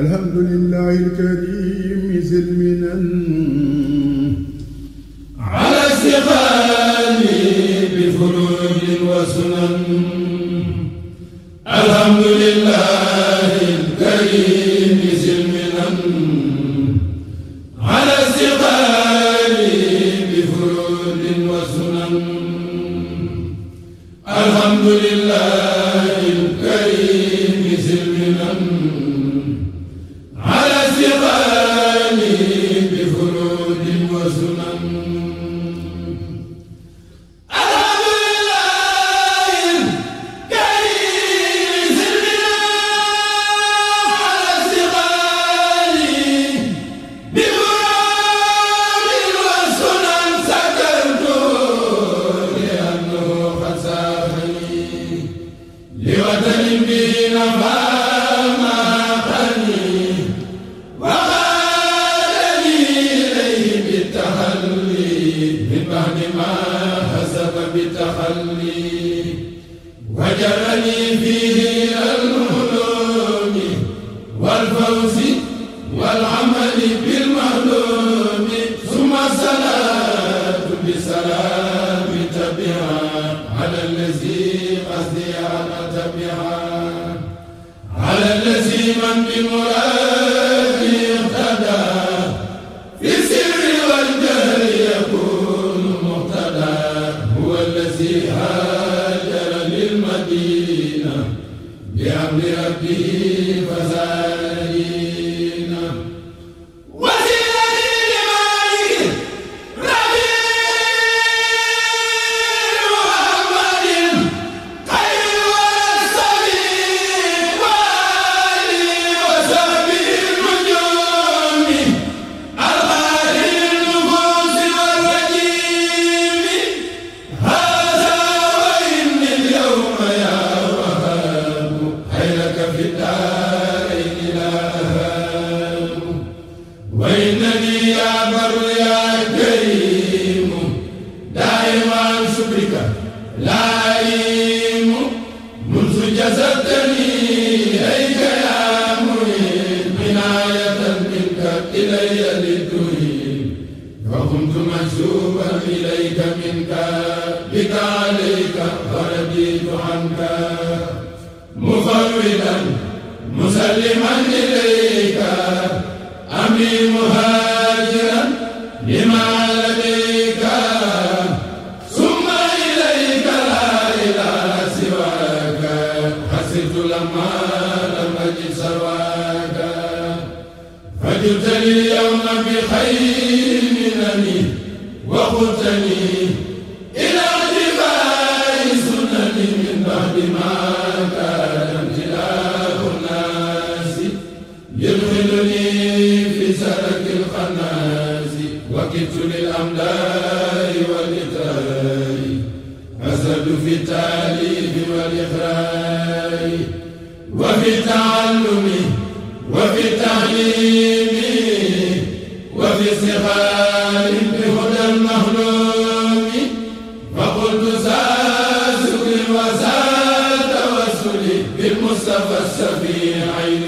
alhamdulillahi alkarim zilminan والفوز والعمل بالمعلوم ثم الصلاة بسلام تبعا على الذي قصدي على تبعا على الذي من بمراد كنت منسوبا إليك منك بك عليك ورديت عنك مفوضا مسلما إليك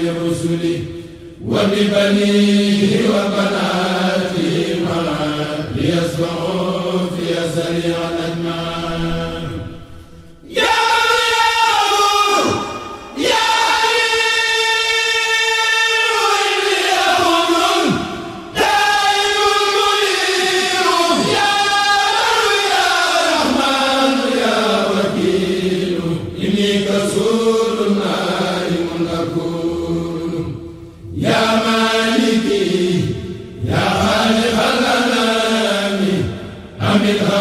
برسله وببنيه وبناته ملا ليسمعوا في سريعه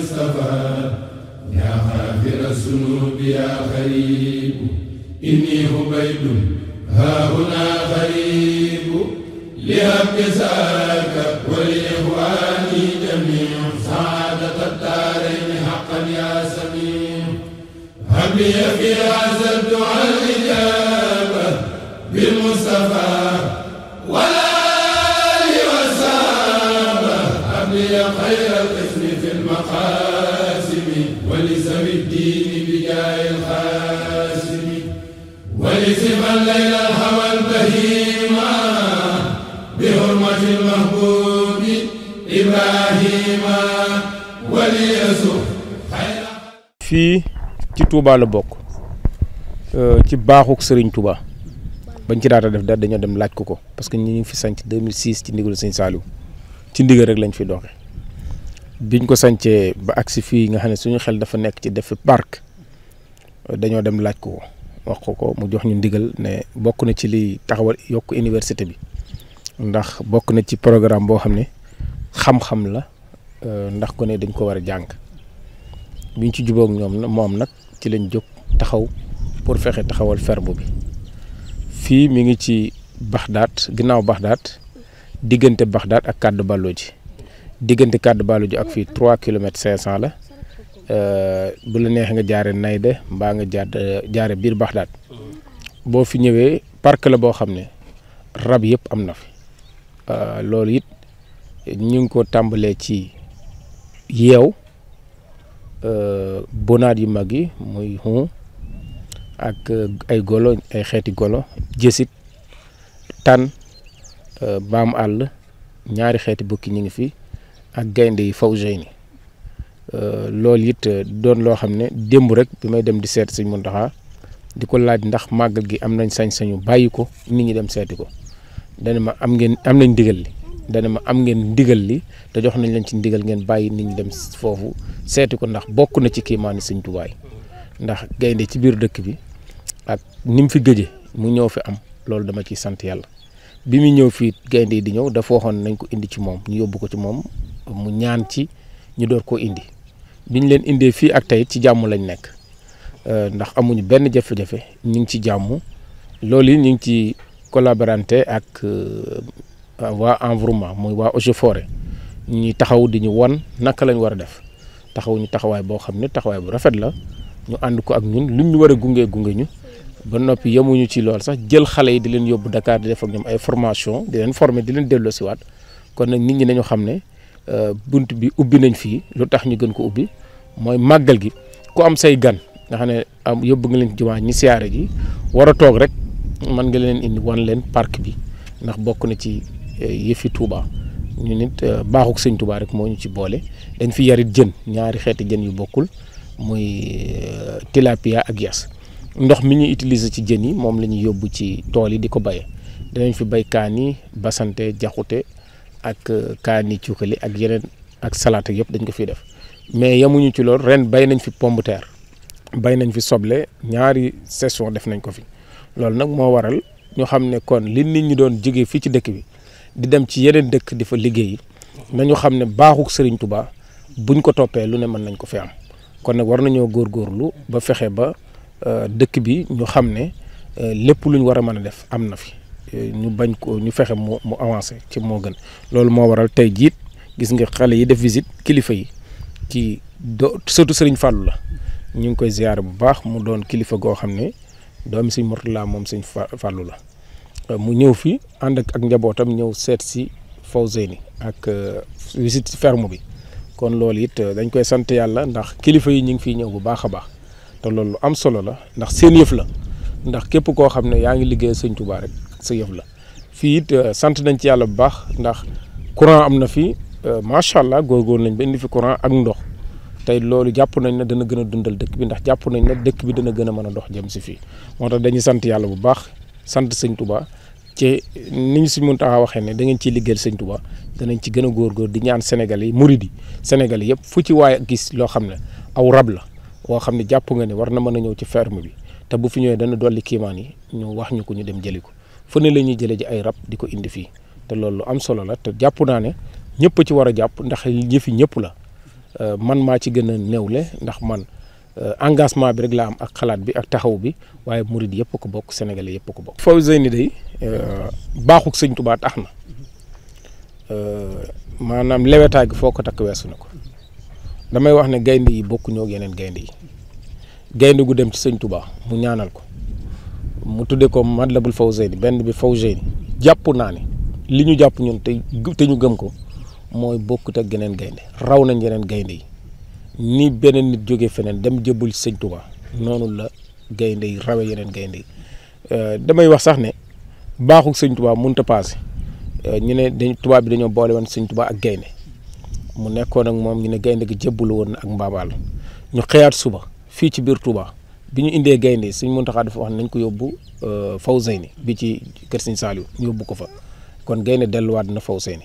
اصطفى يا غافر الذنوب يا غريب إني عبيد ها هنا غريب لهب ذاك ولإخواني جميع سعادة الدارين حقا يا سميع هب لي في هذا الدعاء الإجابة بالمصطفى fii ci Touba la bokk euh, ci baaxuk sëriñ Touba bañ ci daata def daal dañoo dem laaj ko ko parce que ñu ngi fi sanc 2006 ci ndigalu Serigne Saliou ci ndigal rek lañ fi doxe biñ ko sancee ba agsi fii nga xam ne suñu xel dafa nekk ci def fi parc dañoo dem laaj ko ko wax ko mu jox ñu ndigal ne bokk na ci li taxawal yokk université bi ndax bokk na ci programme boo xam ne xam-xam la euh, ndax ko ne dañ ko war a jàng biñ ci jubook ñoom moom nag ci lañ jóg taxaw pour fexe taxawal ferme bi fii mi ngi ci Baxdaat ginnaaw Baxdaat diggante Baxdaat ak Kàddu Ballooji diggante Kàddu Ballooji ak fii 3 kilomètres 500 la. bu la neexee nga jaare Naydé mbaa nga jaat jaare biir Baxdaad boo fi ñëwee parc la boo xam ne rab yëpp am na fi euh, loolu it ñu ngi ko tàmbalee ci yeew euh, bonaat yu mag yi muy xun ak euh, ay golo ay xeeti golo jësit tan baam àll ñaari xeeti bukki ñu ngi fi ak gaynde yi faw jey ni Euh, loolu it euh, doon loo xam ne démb rek bi may dem di seet sëñ Muntaxa di ko laaj ndax màggal gi am nañ sañ-sañu bàyyi ko nit ñi dem seeti ko dana ma am ngeen am nañ ndigal li dana ma am ngeen ndigal li te jox nañ leen ci ndigal ngeen bàyyi nit ñi foofu seeti ko ndax bokk na ci kiimaani sëñ tubaay ndax gaynde ci biir dëkk bi ak ni mu fi gëje mu ñëw fi am loolu dama ciy sant yàlla bi mu ñëw fii gaynde yi di ñëw dafa waxoon nañ ko indi ci moom ñu yóbbu ko ci moom mu ñaan ci ñu door koo indi biñ leen indee fii ak tey ci jàmm lañu nekk euh, ndax amuñu benn jafe-jafe ñu ngi ci jàmm loolu yi ñu ngi ci collaborante ak euh, waa environnement muy waa eaux et forêt taxaw di ñu wan naka lañ war a def taxaw taxawaay boo xam ne taxawaay bu rafet la ñu ànd ko ak ñun luñ ñu war a gungee gunge ñu ba noppi yemuñu ci lool sax jël xale yi di leen yóbbu Dakar di def ak ñoom ay formation di leen former di leen si waat kon nag nit ñi nañu xam ne euh, bunt bi ubbi nañ fii lu tax ñu gën ko ubbi mooy màggal gi ku am say gan nga ne am yóbbu nga leen jumaa ñi siyaare ji war a toog rek mën nga leen indi wan leen park bi ndax bokk na ci eh, yëfi tuuba ñu nit eh, baaxuk sëñ Touba rek moo ñu ci boole dañ fi yarit jën ñaari xeeti jën yu bokkul muy eh, tilapia ak yas ndox mi ñuy utiliser ci jën yi moom lañuy yóbbu ci tool yi di ko béyee danañ fi bay kaani basante jaxute ak kaani cuukali ak yeneen ak salaat ak yëpp dañ ko fiy def mais yemuñu ci loolu ren bay nañ fi pomme terre bay nañ fi soble ñaari saison def nañ ko fi loolu nag moo waral ñu xam ne kon li nit ñi doon jógee fii ci dëkk bi di dem ci yeneen dëkk di fa liggéey nañu xam ne baaxuk Serigne Touba buñ ko toppee lu ne mën nañ ko fi am kon nag war nañoo góor góorlu ba fexe ba euh, dëkk bi ñu xam ne euh, lépp luñ war a mën a def am na fi euh, ñu bañ ko ñu fexe mu mu avancé ci moo gën loolu moo waral tey jiit gis nga xale yi def visite kilifa yi. kii do sëtu sëriñ Fallou la ñu ngi koy ziar bu baax mu doon kilifa goo xam ne doomi siñ Mourtala moom sëñ Fallou la euh, mu ñëw fi ànd ak njabootam ñëw seet si Fawzeyni ak euh, visite ferme bi kon loolu it euh, dañ koy sant yàlla ndax kilifa yi ñu ngi fiy ñëw bu baax a baax te loolu lu am solo la ndax seen yëf la ndax képp koo xam ne yaa ngi liggéey sëñ Touba rek sa yëf la fii it sant nañ ci yàlla bu baax ndax courant am na fi Euh, macha allah góorgóorlu nañ ba indi fi courant ak ndox tey loolu jàpp nañ ne dana gën a dundal dëkk bi ndax jàpp nañ ne dëkk bi dana gën a mën a dox jëm si fii moo tax dañuy sant yàlla bu baax sant sëñ Touba ci ni ñu si waxee ne da ngeen ciy liggéeyal sëñ Touba danañ ci gën a góorgóor di ñaan Sénégal yi murid Sénégal yëpp fu ci waaye gis loo xam ne aw rab la woo xam ne jàpp nga ne war na mën a ñëw ci ferme bi te bu fi ñëwee dana dolli kiimaan yi ñu wax ñu ko ñu dem jëli ko fu ne la ñuy jëlee ji ay rab di ko indi fii te loolu am solo la te jàpp naa ne ñëpp ci war a jàpp ndax yëfi ñëpp la euh, man maa ci gën a néewle ndax man euh, engagement bi rek laa am ak xalaat bi ak taxaw bi waaye murid yëpp ko bokk senegale yëpp ko bokk. Fawzeyni day euh, baaxuk sëñ tubaa tax na maanaam lewetaay gi foo ko takk weesu na ko damay wax ne gaynde yi bokkuñoo ak yeneen gaynde yi gaynde gu dem ci sëñ tubaa mu ñaanal ko mu tuddee ko Matlabul Fawzeyni benn bi Fawzeyni jàpp naa ne li ñu jàpp ñun te te ñu gëm ko. mooy bokkut ak geneen gaynde raw nañ yeneen gaynde yi ni beneen nit jóge feneen dem jëbbul sëñ Tuubaa noonu la gaynde yi rawe yeneen gaynde yi euh, damay wax sax ne baaxul sëñ Tuubaa mënut euh, ñu ne dañ tubaab bi dañoo boole woon ak gaynde mu nekkoon nag moom ñu ne gaynde gi jëbbul woon ak mbaabaal ñu xëyaat suba fii ci biir tubaa bi ñu indee gaynde sëñ Muntaxa dafa wax nañ ko yóbbu euh, Fawzeyni bi ci kër sëñ Saaliw ñu yóbbu ko fa kon gaynde delluwaat na Fawzeyni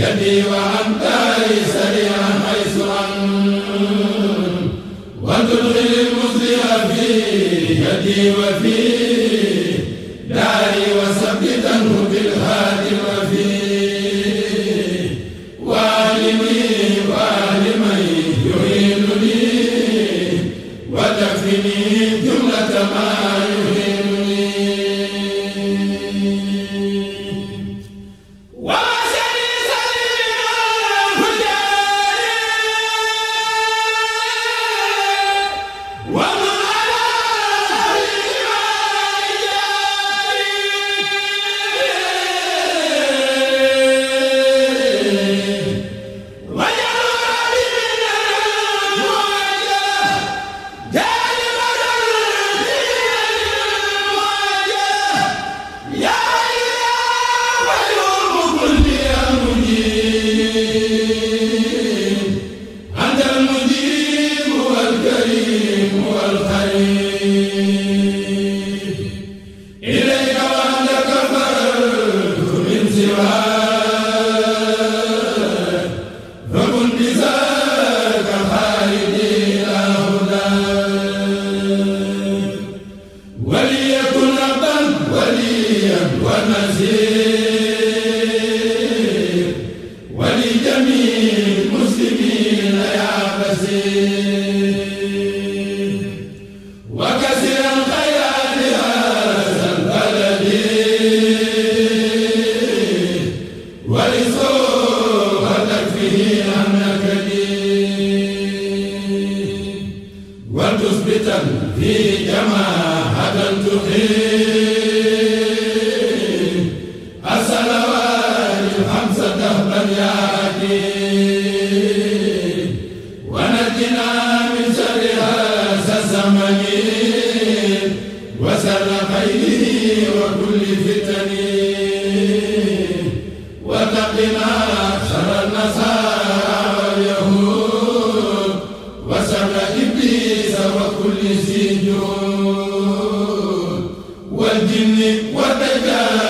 يدي وأنت سريعا حيث أن وتدخل المسلم في يدي وفي داري وثبته بالهادي وفي وعلمي وعلمي يعينني وتكفيني جملة ما يعينني وسر إبليس وكل سجود والجن والدجال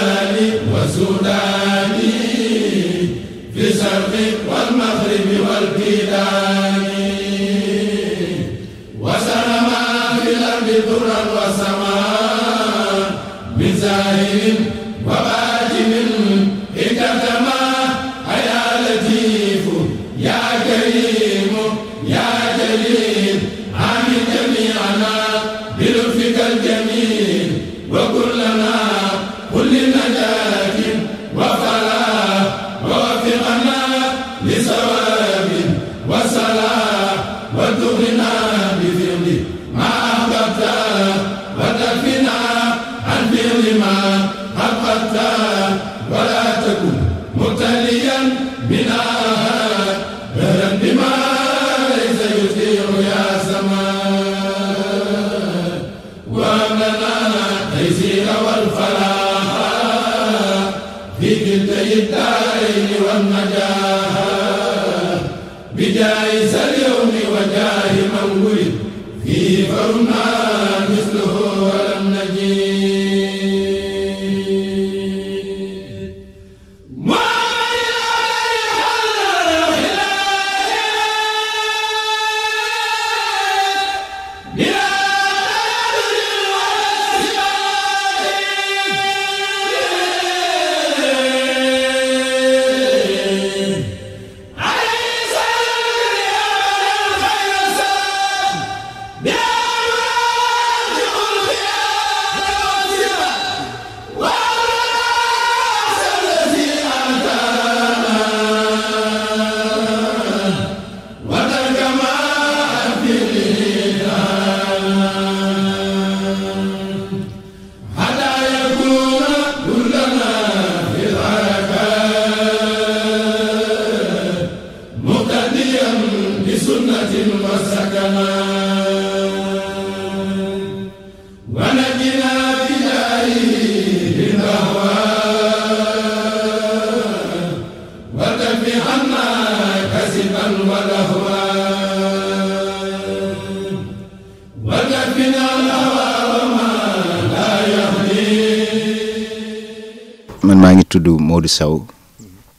maa ngi tudd du Sow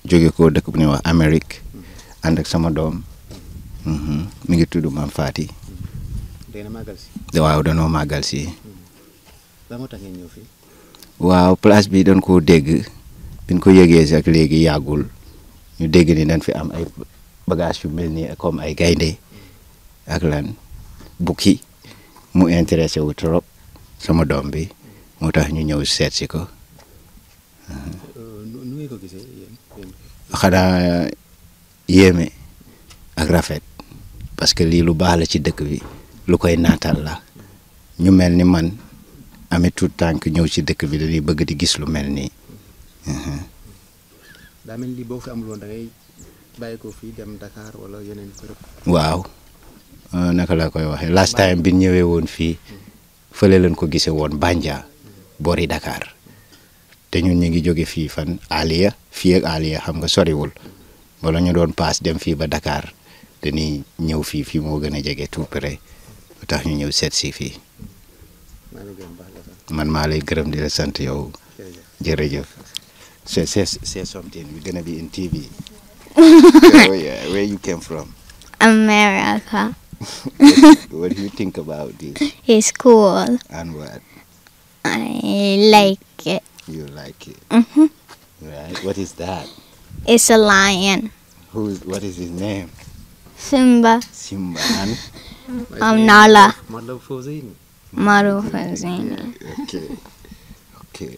jóge ko dëkk bu ñuy wax Amérique ànd ak sama doom mhm. mi ngi tudd Maam Faty. waaw danoo màggal si. Mhm. waaw place bi dañ koo dégg biñ ko yëgee si ak léegi yàggul ñu dégg ni dañ fi am ay bagage yu mel ni comme ay gaynde ak lan bukki mu intéressé wu trop sama doom bi moo tax ñu ñëw seet si ko. xanaa yéeme ak rafet parce que lii lu baax la ci dëkk bi lu koy naatal la ñu mel ni man amee tout tànk ñëw ci dëkk bi dañuy bëgg di gis lu mel nii. Mhm. ni boo fi amul ko fii dem Dakar yeneen waaw ah, naka laa koy waxee last time bi ñëwee woon fii fële leen ko gisee woon Bandia boori Dakar. te ñun ñu ngi jóge fii fan Aliya fii ak Aliya xam nga soriwul wala ñu doon paas dem fii ba Dakar dañuy ñëw fii fii moo gën a jege tu près lu tax ñu ñëw seet si fii man maa lay gërëm di la sant yow jërëjëf say say say something we're gonna be in TV. America. You like it. Mm-hmm. Right. What is that? It's a lion. Who is, what is his name? Simba. Simba and? Um, Nala. Marufozini. Marufozini. Okay. Okay. okay.